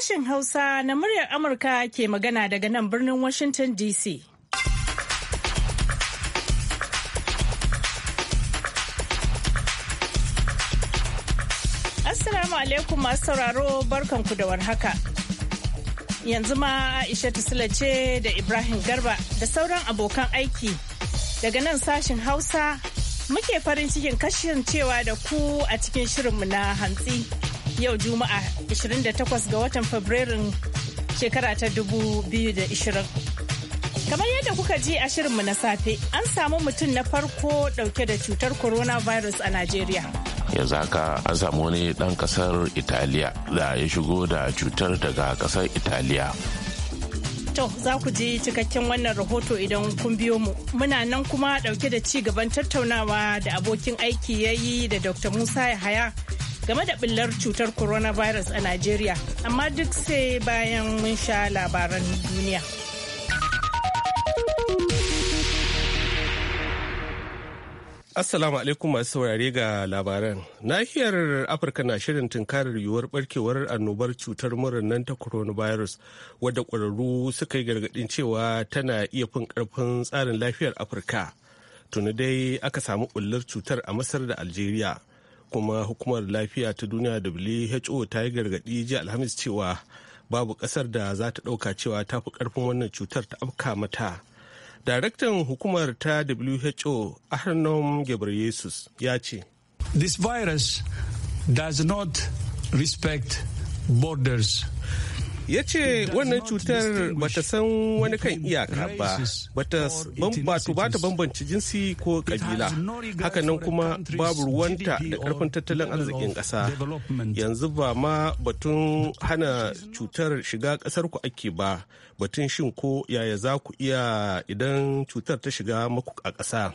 Sashen Hausa na muryar Amurka ke magana daga nan birnin Washington DC. Assalamu alaikum masu sauraro barkanku da warhaka. Yanzu ma Aisha Sula ce da Ibrahim Garba da sauran abokan aiki daga nan sashen Hausa muke farin cikin kashin cewa da ku a cikin shirinmu na hantsi. yau Juma'a 28 ga watan Fabrairun shekara ta 2020. Kamar yadda kuka ji a shirinmu na safe, an samu mutum na farko dauke da cutar coronavirus a Najeriya. yanzu haka an samu wani dan kasar italiya da ya shigo da cutar daga kasar italiya to za ku ji cikakken wannan rahoto idan kun biyo mu muna nan kuma dauke da ci gaban tattaunawa da abokin aiki ya yi da dr musa yahaya game da ɓillar cutar coronavirus a Najeriya, amma duk sai bayan mun sha labaran duniya. Assalamu alaikum masu saurare ga labaran. Nahiyar Afirka na shirin tunkarar yiwuwar barkewar annobar cutar murar nan ta coronavirus wadda ƙwararru suka yi gargaɗin cewa tana iya fin ƙarfin tsarin lafiyar Afirka. Tuni dai aka samu ɓullar cutar a Masar da Algeria. kuma hukumar lafiya ta duniya who ta yi gargaɗi ji alhamis cewa babu ƙasar da za ta ɗauka cewa ta fi ƙarfin wannan cutar ta afka mata daraktan hukumar ta who arnon gebreyesus ya ce this virus does not respect borders ya ce wannan cutar bata san wani kan iyaka ba bata bambatu bambanci jinsi ko kabila nan kuma babu ruwanta da karfin tattalin arzikin ƙasa yanzu ba ma batun hana cutar shiga ƙasarku ake ba batun shin ko yaya za ku iya idan cutar ta shiga maku a ƙasa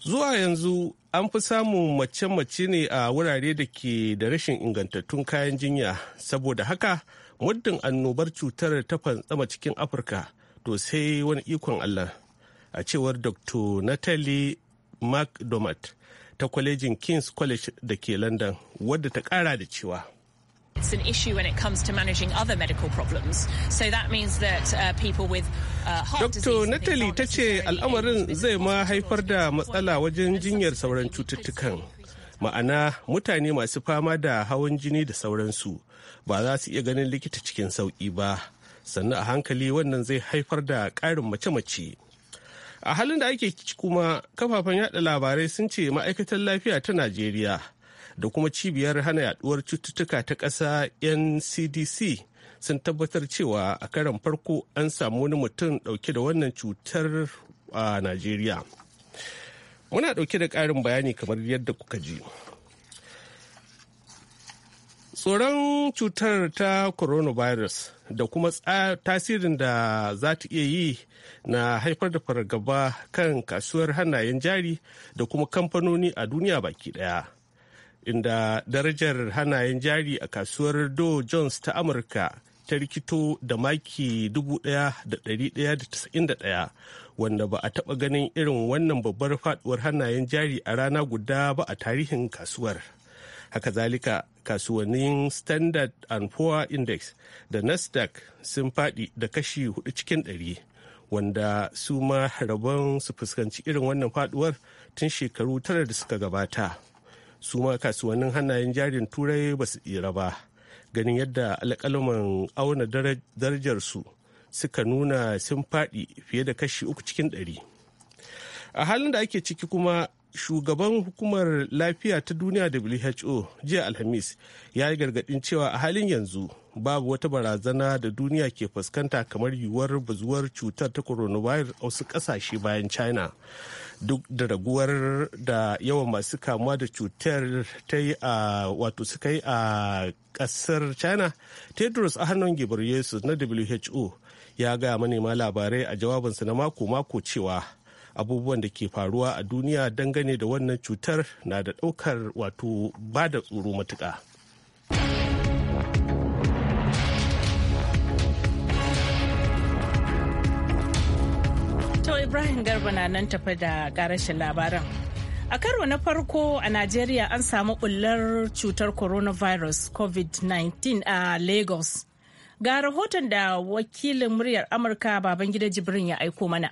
zuwa yanzu an fi samun mace-mace ne a wurare da ke da rashin ingantattun kayan jinya saboda haka muddin annobar cutar ta fantsama cikin afirka to sai wani ikon allah a cewar dr natalie mcdomat ta kwalejin king's college da ke london wadda ta kara da cewa It's an issue when managing other medical problems. So that means that uh, with uh, Dr. Natalie ta ce al'amarin zai ma haifar da matsala wajen jinyar sauran cututtukan. ma'ana mutane masu fama da hawan jini da sauransu ba za su iya ganin likita cikin sauƙi ba sannan a hankali wannan zai haifar da ƙarin mace-mace a halin da ake kuma kafafen yada labarai sun ce ma'aikatar lafiya ta najeriya da kuma cibiyar hana yaduwar cututtuka ta ƙasa ncdc sun tabbatar cewa a karan farko an samu wani mutum ɗauke da wannan cutar a najeriya Muna ɗauke da ƙarin bayani kamar yadda kuka ji. Tsoron cutar ta coronavirus da kuma tasirin da za ta iya yi na haifar da fargaba kan kasuwar hannayen jari da kuma kamfanoni a duniya baki ɗaya. Inda darajar hannayen jari a kasuwar Dow Jones ta Amurka ta rikito da maki 1,191 wanda ba a taɓa ganin irin wannan babbar faduwar hannayen jari a rana guda ba a tarihin kasuwar. Haka zalika kasuwannin Standard and Poor Index da Nasdaq sun faɗi da kashi hudu cikin ɗari. wanda su ma rabon su fuskanci irin wannan faduwar tun shekaru tara da suka gabata su ma kasuwannin hannayen jarin turai ba su tsira ba ganin yadda alƙalaman auna darajarsu suka nuna sun faɗi fiye da kashi uku cikin ɗari. A halin da ake ciki kuma shugaban hukumar lafiya ta duniya WHO jiya Alhamis ya yi gargaɗin cewa a halin yanzu babu wata barazana da duniya ke fuskanta kamar yiwuwar bazuwar cutar ta coronavirus a wasu ƙasashe bayan China. Duk da raguwar da yawan masu kamuwa da cutar ta yi a wato suka yi a ƙasar China, Tedros hannun Ghebreyesus na WHO ya gaya manema labarai a jawabinsa na mako-mako cewa abubuwan da ke faruwa a duniya dangane da wannan cutar na da ɗaukar wato ba da tsoro matuƙa. To Ibrahim Garba na nan tafi da ƙarashin labaran. A karo na farko a Najeriya an samu bullar cutar coronavirus COVID-19 a Lagos. Ga rahoton da wakilin muryar Amurka Babangida Jibrin ya aiko mana.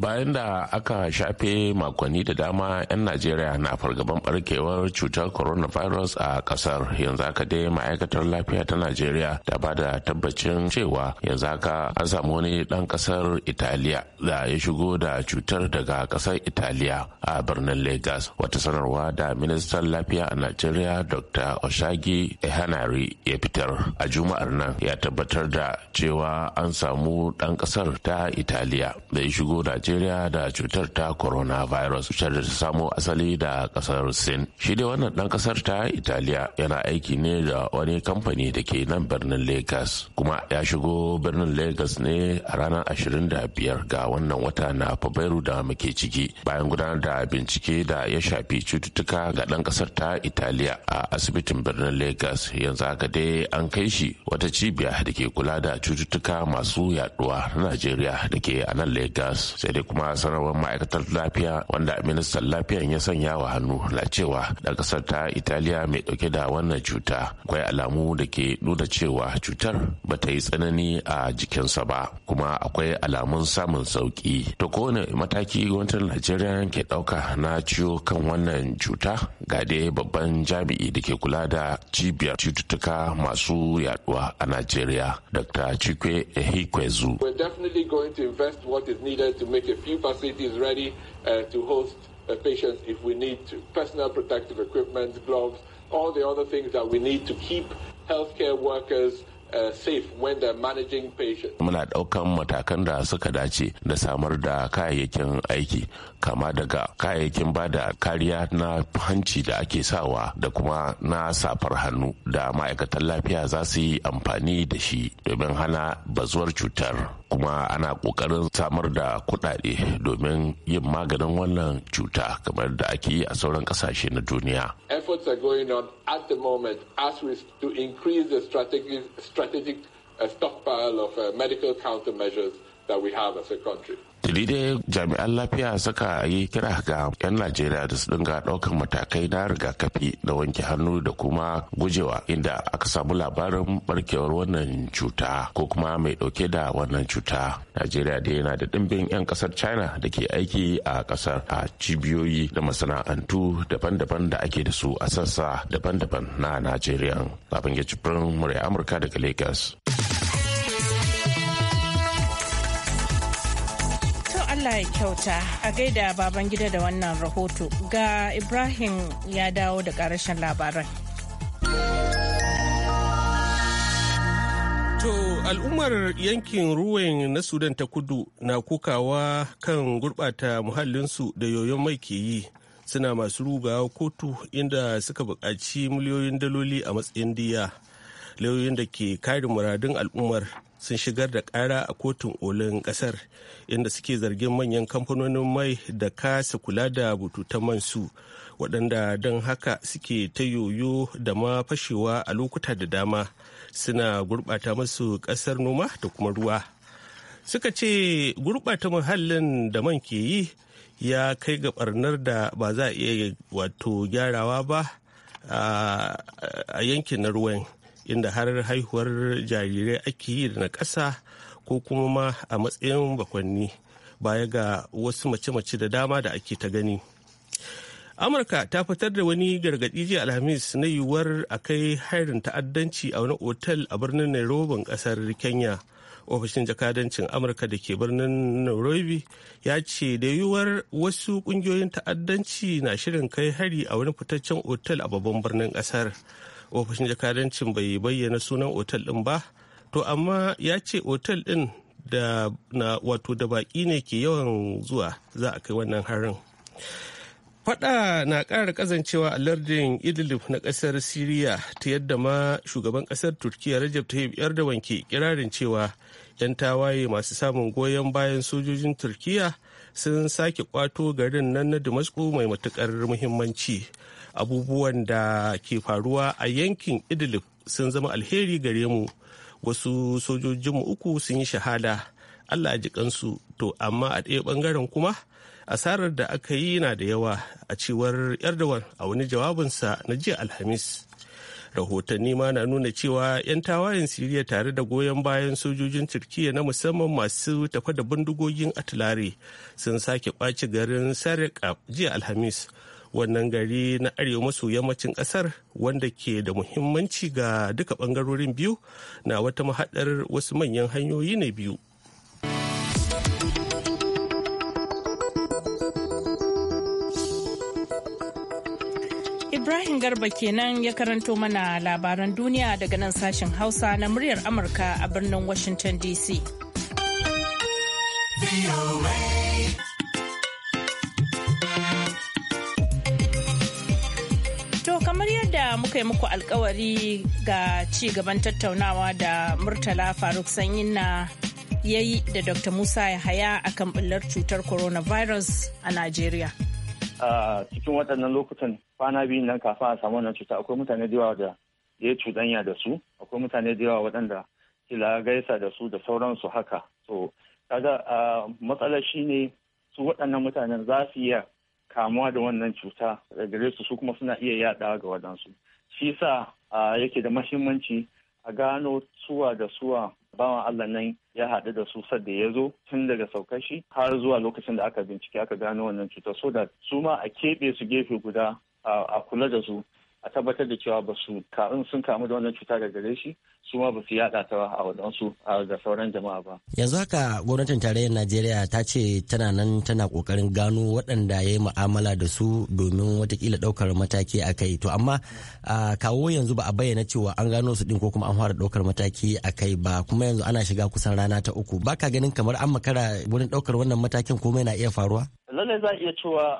bayan da aka shafe makonni da dama 'yan najeriya na fargaban barkewar cutar coronavirus a kasar yanzu aka dai ma'aikatar lafiya ta najeriya ta ba da tabbacin cewa yanzu aka an samu wani dan kasar italiya da ya shigo da cutar daga kasar italiya a birnin Legas. wata sanarwa da ministan lafiya a najeriya dr oshagi ehanari ya fitar a juma'ar nan ya tabbatar da cewa an samu dan kasar ta italiya da ya shigo da najeriya da cutar ta coronavirus cutar da ta samo asali da kasar sin shi dai wannan dan kasar ta italiya yana aiki ne da wani kamfani da ke nan birnin lagos kuma ya shigo birnin lagos ne a ranar 25 ga wannan wata na fabairu da muke ciki bayan gudanar da bincike da ya shafi cututtuka ga dan kasar ta italiya a asibitin birnin lagos yanzu haka dai an kai shi wata cibiya da ke kula da cututtuka masu yaduwa na najeriya da ke a nan lagos sai da kuma sanarwar ma'aikatar lafiya wanda ministan lafiyan ya sanya wa hannu na cewa da kasar ta italiya mai dauke da wannan cuta akwai alamu da ke nuna cewa cutar ba ta yi tsanani a jikinsa ba kuma akwai alamun samun sauki to kowane mataki gwamnatin najeriya ke dauka na ciwo kan wannan cuta ga dai babban jami'i da ke kula da cibiyar cututtuka masu yaduwa a najeriya dr chikwe ehikwezu going to invest what is needed to make a few facilities ready uh, to host uh, patients if we need to. Personal protective equipment, gloves, all the other things that we need to keep healthcare workers Safe managing Muna ɗaukan matakan da suka dace da samar da kayayyakin aiki kama daga kayayyakin ba da kariya na hanci da ake sawa da kuma na safar hannu da ma'aikatan lafiya za su yi amfani da shi domin hana bazuwar cutar. kuma ana kokarin samar da kuɗaɗe domin yin maganin wannan cuta kamar da ake yi a sauran ƙasashe na duniya. Efforts are going on at the moment as we to increase the strategic strategic stockpile of uh, medical countermeasures that we have as a country. tuni jami'an lafiya suka yi kira ga 'yan najeriya da su dinga ɗaukar matakai na rigakafi da wanke hannu da kuma gujewa inda aka samu labarin barkewar wannan cuta ko kuma mai ɗauke da wannan cuta najeriya da yana da ɗimbin 'yan ƙasar china da ke aiki a ƙasar a cibiyoyi da masana'antu daban-daban da ake da su a sassa daban-daban na najeriya babangida jibrin murya amurka daga lagos Allah ya kyauta a gaida baban gida da wannan rahoto ga Ibrahim ya dawo da karashin labaran. To al'ummar yankin ruwan na Sudan ta kudu na kukawa kan gurɓata muhallinsu da yoyon mai ke yi suna masu rugawa kotu inda suka buƙaci miliyoyin daloli a matsayin diya lauyoyin da ke kare muradun al'ummar sun shigar da ƙara a kotun olin ƙasar inda suke zargin manyan kamfanonin mai da kasa kula da bututun man su waɗanda don haka suke ta yoyo da ma fashewa a lokuta da dama suna gurɓata masu ƙasar noma da kuma ruwa suka ce gurɓata muhallin da man ke yi ya kai ga ɓarnar da ba za a iya wato gyarawa ba a yankin na ruwan inda har haihuwar jarirai ake yi da na ƙasa ko kuma ma a matsayin bakwanni baya ga wasu mace-mace da dama da ake ta gani. amurka ta fitar da wani gargaɗi jiya alhamis na yiwuwar a kai harin ta'addanci a wani otal a birnin nairobi ƙasar kenya ofishin jakadancin amurka da ke birnin nairobi ya ce da yiwuwar wasu ƙungiyoyin ta'addanci na shirin kai hari a wani fitaccen otal a babban birnin ƙasar ofishin jakadancin bai bayyana sunan otal ɗin ba to amma ya ce otal ɗin da na wato da baƙi ne ke yawan zuwa za a kai wannan harin fada na ƙara kazancewa a lardin idlib na ƙasar siriya ta yadda ma shugaban ƙasar turkiya rajab tayyip erdogan ke kirarin cewa 'yan tawaye masu samun goyon bayan sojojin turkiya sun sake kwato garin nan na damasku mai matukar muhimmanci abubuwan da ke faruwa a yankin idlib sun zama alheri gare mu wasu sojojinmu uku sun yi shahada allah ji kansu to amma a ɗaya ɓangaren kuma asarar da aka yi na da yawa a cewar erdogan a wani jawabinsa na jiya alhamis rahotanni ma na nuna cewa 'yan tawayen siriya tare da goyon bayan sojojin turkiya na musamman masu tafa da bindigogin atilare sun sake ɓaci garin sarika jiya alhamis wannan gari na arewa maso yammacin kasar wanda ke da muhimmanci ga duka bangarorin biyu na wata mahaɗar wasu manyan hanyoyi ne biyu ibrahim garba kenan ya karanto mana labaran duniya daga nan sashen hausa na muryar amurka a birnin washington dc muka muku alkawari ga ci gaban tattaunawa da Murtala Faruk Sanyin na ya da Dr. Musa Yahaya kan ɓullar cutar coronavirus a Najeriya. A cikin waɗannan lokutan kwana biyu nan kafa a samu wannan cuta akwai mutane da yawa da ya cuɗanya da su, akwai mutane da yawa waɗanda kila gaisa da su da sauransu haka. So, kaga matsalar shi ne su waɗannan mutanen za su iya kamuwa da wannan cuta da gare su kuma suna iya yaɗawa ga waɗansu shi sa yake da mahimmanci a gano suwa da suwa bawan Allah nan ya haɗu da su sadda ya zo tun daga saukar shi har zuwa lokacin da aka bincike aka gano wannan cutar so da su ma a keɓe su gefe guda a kula da su a tabbatar da cewa ba su karin sun kamu da wannan cuta da gare shi su ma ba su yada ta a wadansu ga sauran jama'a ba. Yanzu haka gwamnatin tarayyar Najeriya ta ce tana nan tana kokarin gano waɗanda ya yi mu'amala da su domin watakila ɗaukar mataki a kai to amma kawo yanzu ba a bayyana cewa an gano su ɗin ko kuma an fara ɗaukar mataki a kai ba kuma yanzu ana shiga kusan rana ta uku baka ganin kamar an makara wurin ɗaukar wannan matakin komai na iya faruwa. lallai za a iya cewa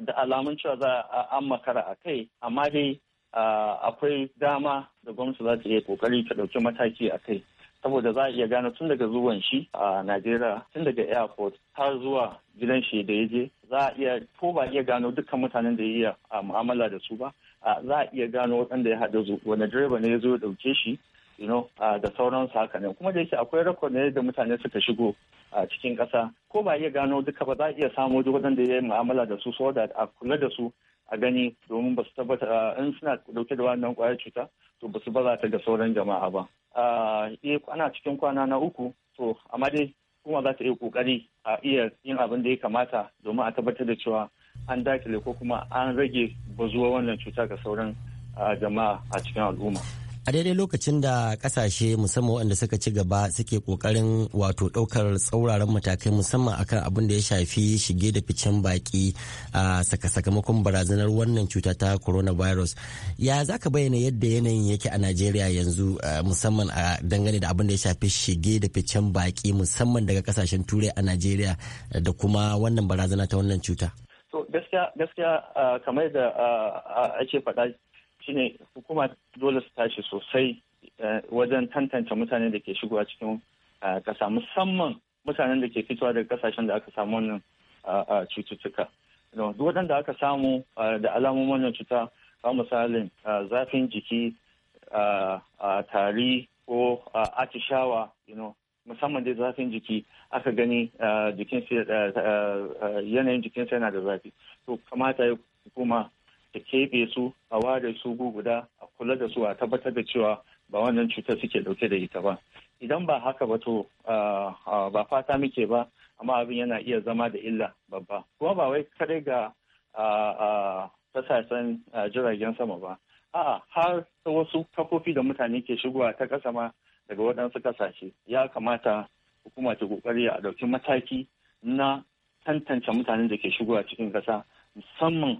da alamun cewa za a an makara a kai amma dai akwai dama da gwamnati za ta iya kokari ta ɗauki mataki a kai saboda za a iya gano tun daga zuwan shi a najeriya tun daga airport har zuwa gidan shi da ya je za a iya ko ba iya gano dukkan mutanen da ya yi mu'amala da su ba za a iya gano waɗanda ya haɗa wani direba ne ya zo ya ɗauke shi you da sauransu haka nan kuma da yake akwai rakon ne da mutane suka shigo a cikin ƙasa ko ba iya gano duka ba za a iya samu duk waɗanda ya yi mu'amala da su so da a kula da su a gani domin ba su tabbata in suna dauke da wannan kwayar cuta to ba su bazata ga sauran jama'a ba eh ana cikin kwana na uku to amma dai kuma za ta iya ƙoƙari a iya yin abin da ya kamata domin a tabbatar da cewa an dakile ko kuma an rage bazuwa wannan cuta ga sauran jama'a a cikin al'umma a daidai lokacin da kasashe musamman waɗanda suka ci gaba suke kokarin wato ɗaukar tsauraran matakai musamman akan abin da ya shafi shige da ficen baki a sakamakon barazanar wannan cuta ta coronavirus ya za ka bayyana yadda yanayin yake a najeriya yanzu musamman a dangane da abin da ya shafi shige da ficen baki musamman daga kasashen turai a najeriya da kuma wannan barazana ta wannan cuta gaskiya kamar da ake faɗa shine hukuma dole su tashi sosai eh, wajen tantance mutane da ke shigowa cikin eh, ƙasa musamman mutanen da ke fitowa daga kasashen da aka samu wannan eh, cututtuka duk waɗanda aka samu da alamomin wannan cuta a misalin zafin jiki tari ko atishawa musamman dai zafin jiki aka gani yanayin jikinsa yana da zafi to kamata ya hukuma ta keɓe su a ware su guguda a kula da su a tabbatar da cewa ba wannan cutar suke dauke da ita ba idan ba haka ba to ba fata muke ba amma abin yana iya zama da illa babba kuma ba wai kaɗai ga kasashen jiragen sama ba a'a har ta wasu kafofi da mutane ke shigowa ta ƙasa ma daga waɗansu kasashe ya kamata hukuma ta kokari a ɗauki mataki na tantance mutanen da ke shigowa cikin ƙasa musamman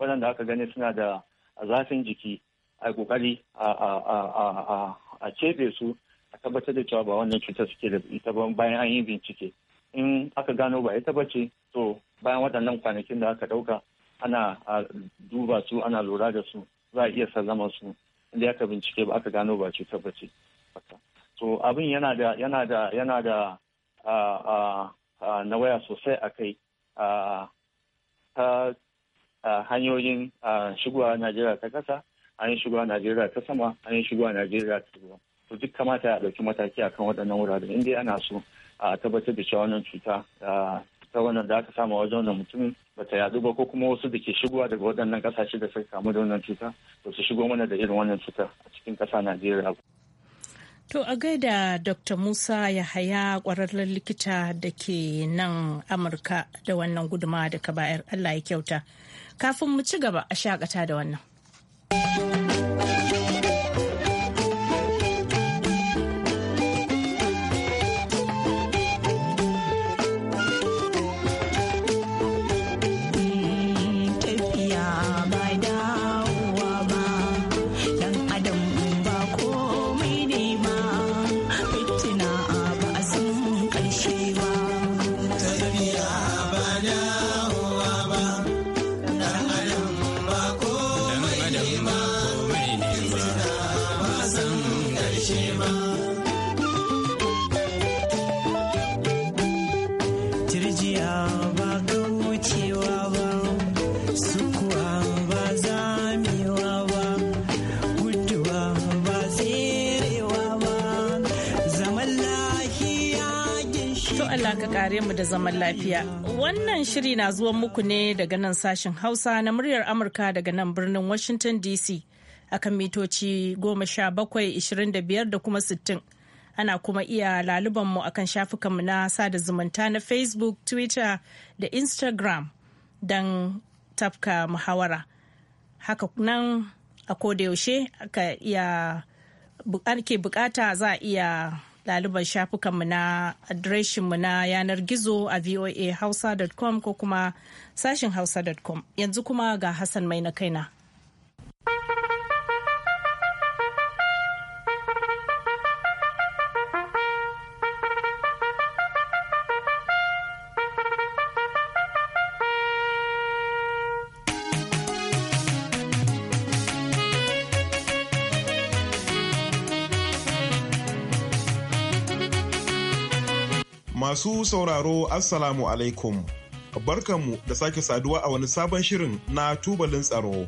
waɗanda aka gani suna da zafin jiki a kokari a cebe su a tabbatar da cewa ba wannan cutar suke da ita ba bayan an yi bincike in aka gano ba ita ba ce to bayan waɗannan kwanakin da aka ɗauka ana duba su ana lura da su za a iya sallama su inda aka bincike ba aka gano ba cutar ba ce to abin yana da yana da yana da nawaya sosai a kai ta hanyoyin shigowa Najeriya ta ƙasa, hanyoyin shigowa Najeriya ta sama, hanyoyin shigowa Najeriya ta ruwa. To duk kamata a ɗauki mataki akan waɗannan wurare in dai ana so a tabbatar da cewa wannan cuta ta wannan da aka samu wajen wannan mutumin ba ta yaɗu ba ko kuma wasu da ke shigowa daga waɗannan ƙasashe da suka kamu da wannan cuta ba su shigo mana da irin wannan cuta a cikin ƙasa Najeriya. To a gaida Dr. Musa Yahaya ƙwararren likita da ke nan Amurka da wannan guduma da ka bayar Allah ya kyauta. Kafin mu ci gaba a shakata da wannan. saurare mu da zaman lafiya. Wannan shiri na zuwan muku ne daga nan sashen Hausa na muryar Amurka daga nan birnin Washington DC a kan mitoci 17-25 da kuma 60. Ana kuma iya lalubanmu a kan shafukanmu na sada zumunta na Facebook, Twitter da Instagram don tafka muhawara. Haka nan a kodayaushe aka iya ake bukata za a iya ɗaliban shafukanmu na adireshinmu na yanar gizo a voahausa.com ko kuma sashin hausa.com yanzu kuma ga hassan mai na kaina Masu sauraro Assalamu alaikum. Barkanmu da sake saduwa a wani sabon shirin na tubalin tsaro.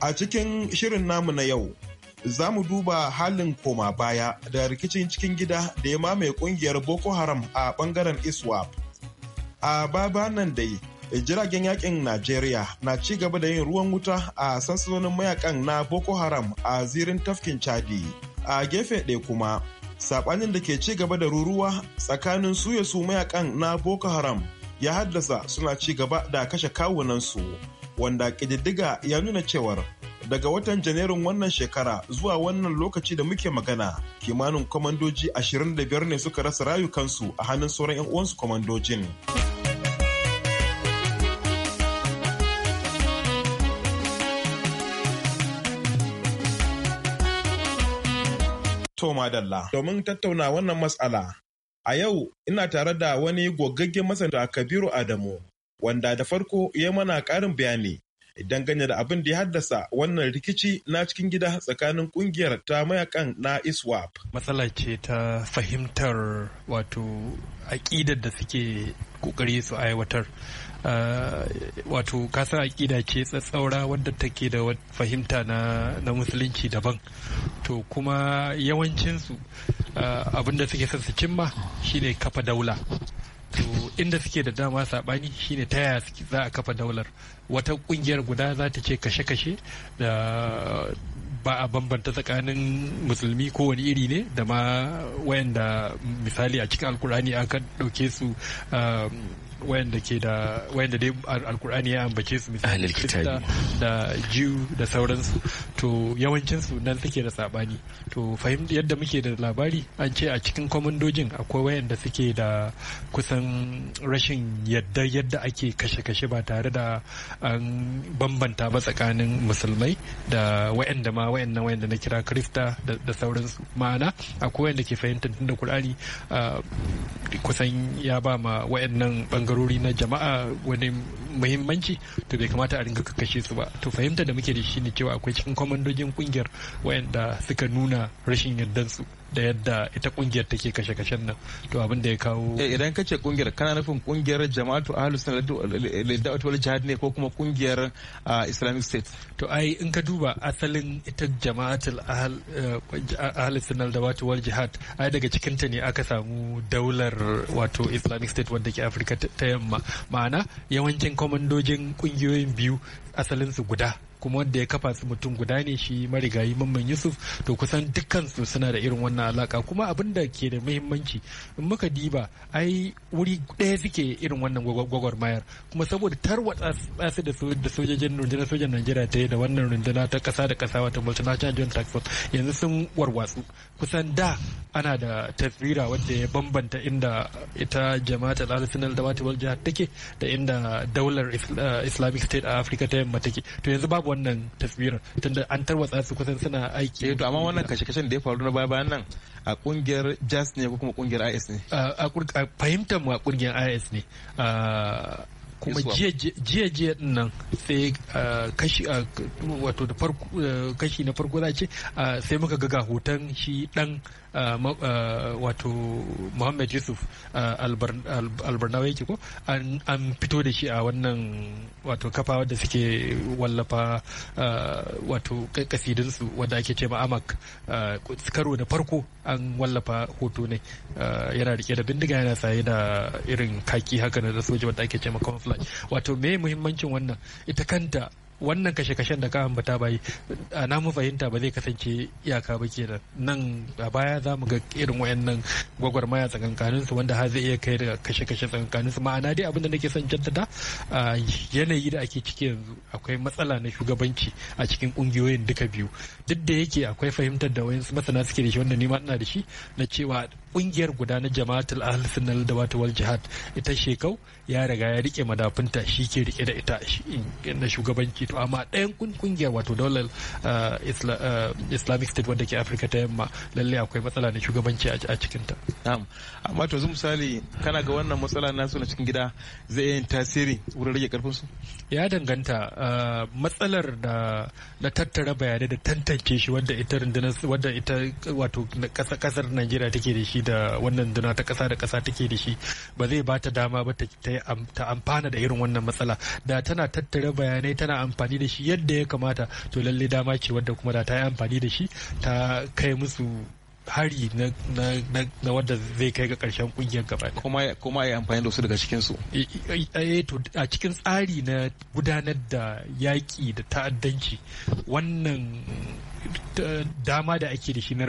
A cikin shirin namu na yau, za mu duba halin koma baya da rikicin cikin gida da ya mamaye kungiyar Boko Haram a bangaren ISWAP. A baba nan dai, jiragen yakin Najeriya na ci gaba da yin ruwan wuta a sansanonin mayakan na Boko Haram a zirin tafkin Chadi. A gefe ɗaya kuma, sabanin da ke ci gaba da ruruwa tsakanin suya su mayakan na boko haram ya haddasa suna ci gaba da kashe kawunansu wanda ƙididdiga ya nuna cewar daga watan janairun wannan shekara zuwa wannan lokaci da muke magana kimanin kwamandoji 25 ne suka rasa rayukansu a hannun sauran 'yan uwansu kwamandojin. Toma Dalla domin tattauna wannan matsala. A yau ina tare da wani gogaggen masana Kabiru Adamu wanda da farko ya mana ƙarin bayani idan ganye da abin da ya haddasa wannan rikici na cikin gida tsakanin kungiyar ta mayakan na iswap matsala ce ta fahimtar wato aƙidar da suke ƙoƙari su aiwatar Eh, wato ka kasar aƙida ce tsatsaura wadda take da fahimta na musulunci daban to kuma yawancinsu eh, abinda suke son su cimma shine kafa daula to inda suke da dama saɓani shine ta yaya za a kafa daular wata ƙungiyar guda za ta ce kashe-kashe da ba a bambanta tsakanin musulmi ko wani iri ne da ma wayanda misali a cikin alkurani aka ɗauke su eh, wayanda ke da wayanda dai alkur'ani ya ambace su misali da jiw da sauransu to yawancin su nan suke da sabani to fahim yadda muke da labari an ce a cikin kwamandojin akwai wayanda suke da kusan rashin yadda yadda ake kashe-kashe ba tare da an bambanta ba tsakanin musulmai da wayanda ma wayanda wayanda na kira krista da sauransu ma'ana akwai wayanda ke fahimta tun da kur'ani ah, kusan ya ba ma wayannan bangare bangarori na jama'a wani muhimmanci to bai kamata a ringa kakkashe su ba to fahimta da muke da shi ne cewa akwai cikin kwamandojin kungiyar wayanda suka nuna rashin su da yadda ita kungiyar take kashe-kashen nan to abin da ya kawo eh, idan kace kungiyar kana nufin kungiyar jama'atu ahlus sunnah wal jihad ne ko kuma kungiyar ah, islamic state to ai in ka duba asalin ita jama'atul eh, ahlus sunnah wal jihad ai daga cikin ta ne aka samu daular wato islamic state wanda ke afirka ta yamma ma'ana yawancin kwamandojin kungiyoyin biyu asalin su guda kuma wanda ya kafa su mutum guda ne shi marigayi mamman yusuf to kusan dukkan su suna da irin wannan alaka kuma abin da ke da muhimmanci in muka diba ai wuri ɗaya suke irin wannan gwagwarmayar kuma saboda tarwatsa su da sojojin rundunar sojan najeriya ta yi da wannan runduna ta kasa da kasa wata multinational joint tax force yanzu sun warwatsu kusan da ana da taswira wadda ya bambanta inda ita jama'a ta arsenal da wata jihar take da inda daular islamic state a afirka ta yamma take to yanzu babu wannan tafiyar tunda an tarwatsa su kusan suna aiki eh to amma wannan kashe-kashen da ya faru na baya-bayan nan a kungiyar jazz ne ko kuma kungiyar IS ne a fahimtar mu a kungiyar IS ne kuma jiya jiya din nan sai kashi wato da farko kashi na farko za ce sai muka ga hoton shi dan Uh, uh, wato muhammad yusuf uh, albarnawa yake ko an fito da shi a wannan wato kafa wadda suke wallafa wato kasidinsu wadda ake ce amak karo da farko an wallafa hoto ne yana rike da bindiga yana saye da irin kaki haka na soja wadda ake ce ma camouflage wato me muhimmancin wannan ita kanta wannan kashe-kashen da ka ambata bai a namu fahimta ba zai kasance iyaka ba da nan a baya za mu ga irin wayannan gwagwarmaya tsakankanin su wanda har zai iya kai da kashe-kashe tsakankanin su ma'ana dai abin da nake son jaddada a yanayi da ake ciki yanzu akwai matsala na shugabanci a cikin kungiyoyin duka biyu duk da yake akwai fahimtar da wayansu masana suke da shi wanda ni ma ina da shi na cewa kungiyar guda na jama'atul ahl sunnal da wal jihad ita shekau ya riga ya rike madafinta shi ke rike da ita na shugabanci to amma ɗayan kungiyar wato daular eh, eh, islamic state wadda ke afirka ta yamma lalle akwai matsala na shugabanci a cikinta amma to misali kana ga wannan matsala na suna cikin gida zai yin tasiri wurin rage karfin ya danganta eh, matsalar da na tattara bayanai da tantance shi wanda ita rundunar wanda ita wato kasar najeriya take da shi da wannan duna ta kasa da kasa take da shi ba zai ba ta dama ba ta amfana da irin wannan matsala da tana tattara bayanai tana amfana amfani da shi yadda ya kamata to lalle dama ce wadda kuma da ta yi amfani da shi ta kai musu hari na, na, na, wanda zai kai ga karshen kungiyar gaba kuma ya amfani da su daga cikin su eh, eh, eh, a cikin tsari na gudanar da yaƙi da ta'addanci wannan dama da ake da shi na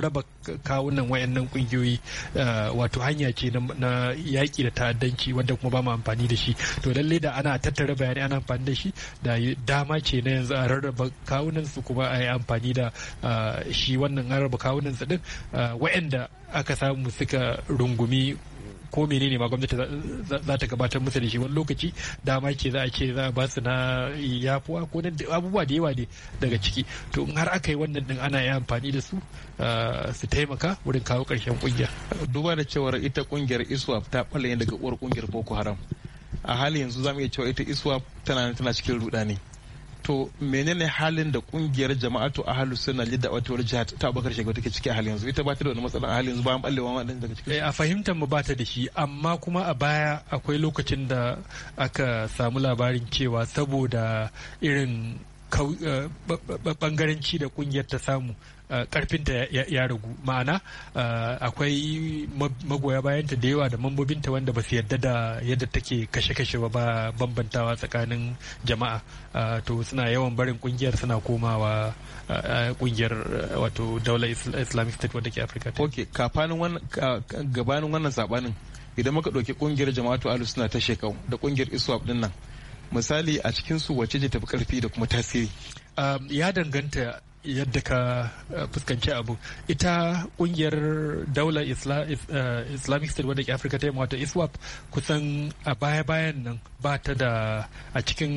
raba kawunan wayannan kungiyoyi eh, wato hanya ce na yaƙi da ta'addanci wanda kuma ba mu amfani da shi to lalle da ana tattara bayanai ana amfani da shi da dama ce na yanzu a rarraba kawunan su kuma a yi amfani da eh, shi wannan rarraba kawunan su din eh, wayanda aka samu suka rungumi ko menene ma gwamnati za ta gabatar musu da shi wani lokaci dama ke za a ce za a ba su na yafuwa ko abubuwa da yawa ne daga ciki to in har aka yi wannan din ana yi amfani da su ah, su taimaka wurin kawo karshen kungiya duba da cewar ita kungiyar iswap ta ɓalle daga uwar kungiyar boko haram a halin yanzu za mu iya cewa ita iswap tana tana cikin rudani to menene halin da kungiyar jama'atu ahlu sunna lidda wata wal jihar ta Abubakar shekaru take ciki a halin yanzu ita ba ta da wani matsala a halin yanzu bayan ballewa ma daga cikin eh, a fahimtar mu ba ta da shi amma kuma a baya akwai lokacin da aka samu labarin cewa saboda irin eh, bangaranci da kungiyar ta samu Eh, karfin karfinta ya ragu ma'ana eh, akwai magoya bayanta da yawa da mambobinta wanda ba su yadda da yadda take kashe-kashe ba bambantawa tsakanin jama'a eh, to suna yawan barin kungiyar suna komawa kungiyar wato daular islamic state wadda ke afirka ok gabanin wannan sabanin idan muka ɗauki kungiyar jama'atu alu suna ta shekau da kungiyar iswap din nan misali a cikinsu wacce ce tafi karfi da kuma tasiri ya danganta yadda ka eh, fuskanci abu ita kungiyar daular eh, islamic state wadda ke afirka ta yamma wato iswap kusan a baya-bayan nan ba ta da a cikin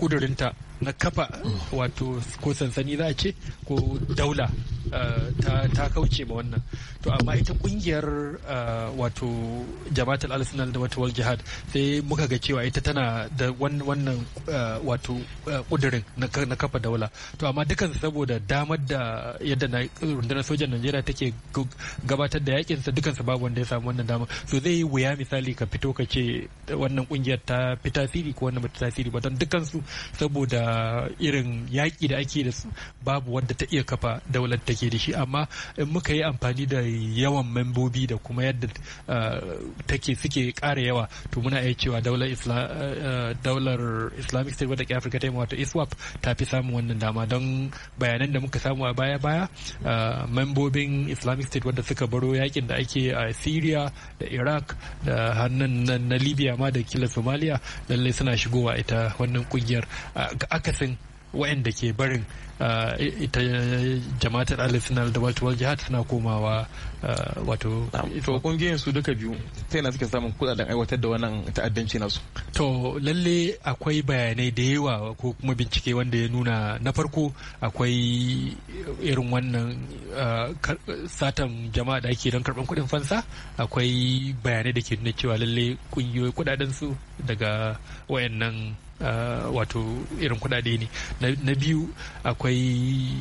kudurinta na kafa wato ko sansani za ce ko daula eh, ta kauce ma wannan to amma ita kungiyar eh, wato jama'atul al da wata wal jihad sai muka ga cewa ita tana da wannan eh, wato kudirin na kafa daula to amma dukan saboda damar da yadda na rundunar sojan Najeriya take gabatar da yakin sa dukan babu wanda ya samu wannan dama so zai yi wuya misali ka fito ka ce wannan kungiyar ta fita tasiri ko wannan ba ta tasiri ba don dukan su saboda Uh, irin yaƙi da ake da su babu wadda ta iya kafa daular take da shi amma in muka yi amfani da yawan membobi da kuma yadda uh, take suke ƙara yawa to muna iya cewa daular uh, daular islamic state wadda ke afirka ta yi wato iswap ta fi samun wannan dama don bayanan da muka samu a baya-baya membobin islamic state wadda suka baro yakin da ake a syria da iraq da hannun na libya ma da kila somalia lallai suna shigowa ita wannan kungiyar akasin wa'inda ke barin eh, ita jama'atar alisina da eh, wato wal jihar tana komawa wato to kungiyar su duka biyu ta yana suke samun kudaden aiwatar da wannan ta'addanci nasu to lalle akwai bayanai da yawa ko kuma bincike wanda ya nuna na farko akwai irin wannan eh, satan jama'a da ake don karban kuɗin fansa akwai bayanai da ke nuna cewa lalle kungiyoyi kudaden su daga wayannan Eh, wato irin kudade ne na biyu akwai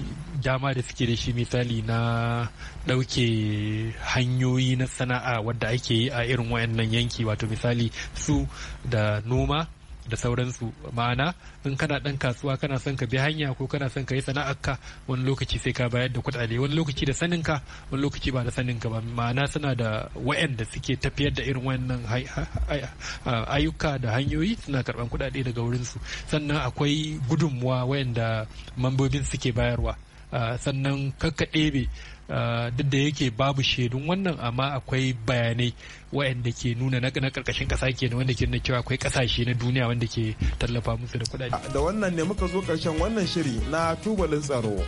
dama da suke da shi misali na ɗauke hanyoyi na sana'a wadda ake yi a irin wayannan yanki wato misali su da noma da sauransu ma'ana in kana dan kasuwa kana son ka bi hanya ko kana son ka yi sana'ar ka wani lokaci sai ka bayar da kuɗaɗe wani lokaci da saninka wani lokaci ba da sanin ka ba ma'ana suna da wa'anda suke tafiyar da irin wannan ayyuka da hanyoyi suna karɓan kuɗaɗe daga su sannan akwai gudunmuwa wa'anda mambobin suke bayarwa sannan kakka ɗebe Eh, duk da yake babu shaidun wannan amma akwai bayanai waɗanda ke nuna na kasa ƙasa kenan wanda ke nuna cewa akwai ƙasashe na duniya wanda ke tallafa musu da kuɗaɗe. Da wannan ne muka zo ƙarshen wannan shiri na tubalin tsaro.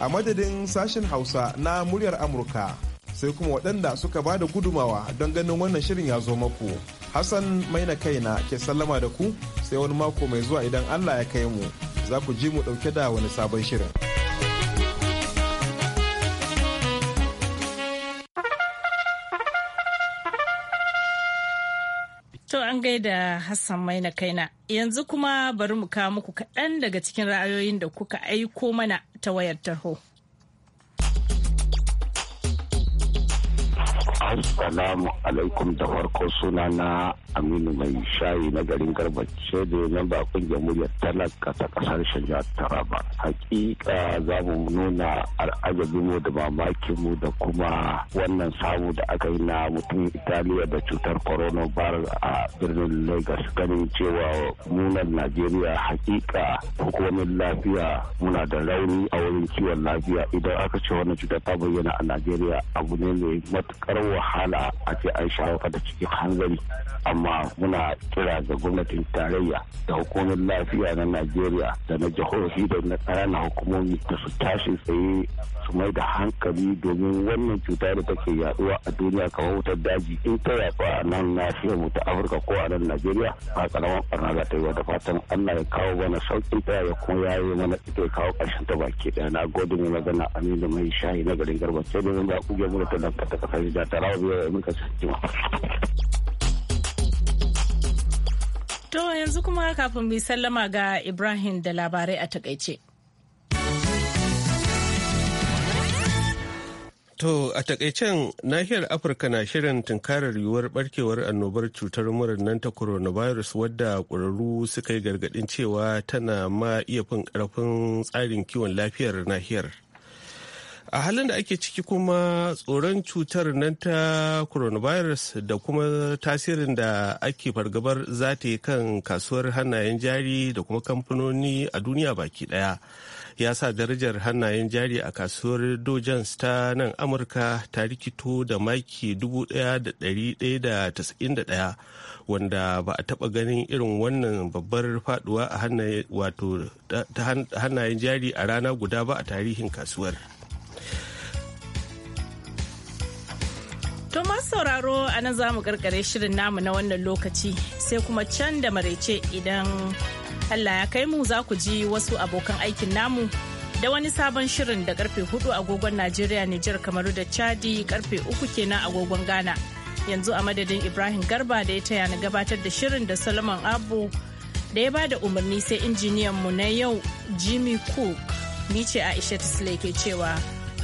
A madadin sashen Hausa na muryar Amurka sai kuma waɗanda suka ba da gudumawa don ganin wannan shirin ya zo maku. Hassan maina kaina ke sallama da ku sai wani mako mai zuwa idan Allah ya kai mu za ku ji mu ɗauke da wani sabon shirin. an gaida Hassan Maina kaina. Yanzu kuma bari mu kawo muku kaɗan daga cikin ra'ayoyin da kuka aiko mana ta wayar tarho. Assalamu alaikum da farko suna na Aminu mai shayi na garin garbace da nan ba kungiyar muryar talaka ta kasar Shanya Taraba. Hakika za mu nuna mu da mu da kuma wannan samu da aka yi na mutum Italiya da cutar coronavirus a birnin Lagos ganin cewa munan Najeriya hakika hukumomin lafiya muna da rauni a wurin kiwon lafiya idan aka ce wannan cutar ta bayyana a Najeriya abu ne mai matukar wa. wahala a ce an shawo da cikin hanzari amma muna kira ga gwamnatin tarayya da hukumomin lafiya na najeriya da na jihohi da na ƙananan hukumomi da su tashi tsaye su mai da hankali domin wannan cuta da take yaduwa a duniya kamar wutar daji in ta yaɗu a nan na mu ta afirka ko a nan najeriya ba karamar barna za ta yi da fatan allah ya kawo mana sauƙin ta ya kuma yi mana ita ya kawo ƙarshen ta baki ɗaya na gode mai magana aminu mai shayi na garin garba sai da zan ba kugiyar mu da ta ta kasar da ta To yanzu kuma kafin mu sallama ga Ibrahim da labarai a takaice. To a takaicen nahiyar Afirka na shirin tunkarar yiwuwar barkewar annobar cutar murar nan ta coronavirus wadda ƙwararru suka yi gargaɗin cewa tana ma iya fin ƙarfin tsarin kiwon lafiyar nahiyar. a halin da ake ciki kuma tsoron cutar nan ta coronavirus da kuma tasirin da ake fargabar za ta yi kan kasuwar hannayen jari da kuma kamfanoni a duniya baki daya ya sa darajar hannayen jari a kasuwar dojans ta nan amurka ta rikito da maki 1191 wanda ba a taba ganin irin wannan babbar faduwa a hannayen jari a rana guda ba a tarihin kasuwar To masu sauraro a nan za mu karkare shirin namu na wannan lokaci sai kuma can da maraice idan Allah ya kai mu za ku ji wasu abokan aikin namu da wani sabon shirin da karfe 4 agogon Najeriya Nijar Kamaru da Chadi karfe uku kenan agogon Ghana. Yanzu a madadin Ibrahim Garba da ya taya na gabatar da shirin da Solomon Abu da ya bada umarni sai injiniyan mu na yau Jimmy Cook. Ni ce Aisha ta ke cewa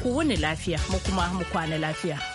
ku wuni lafiya mu kuma mu kwana lafiya.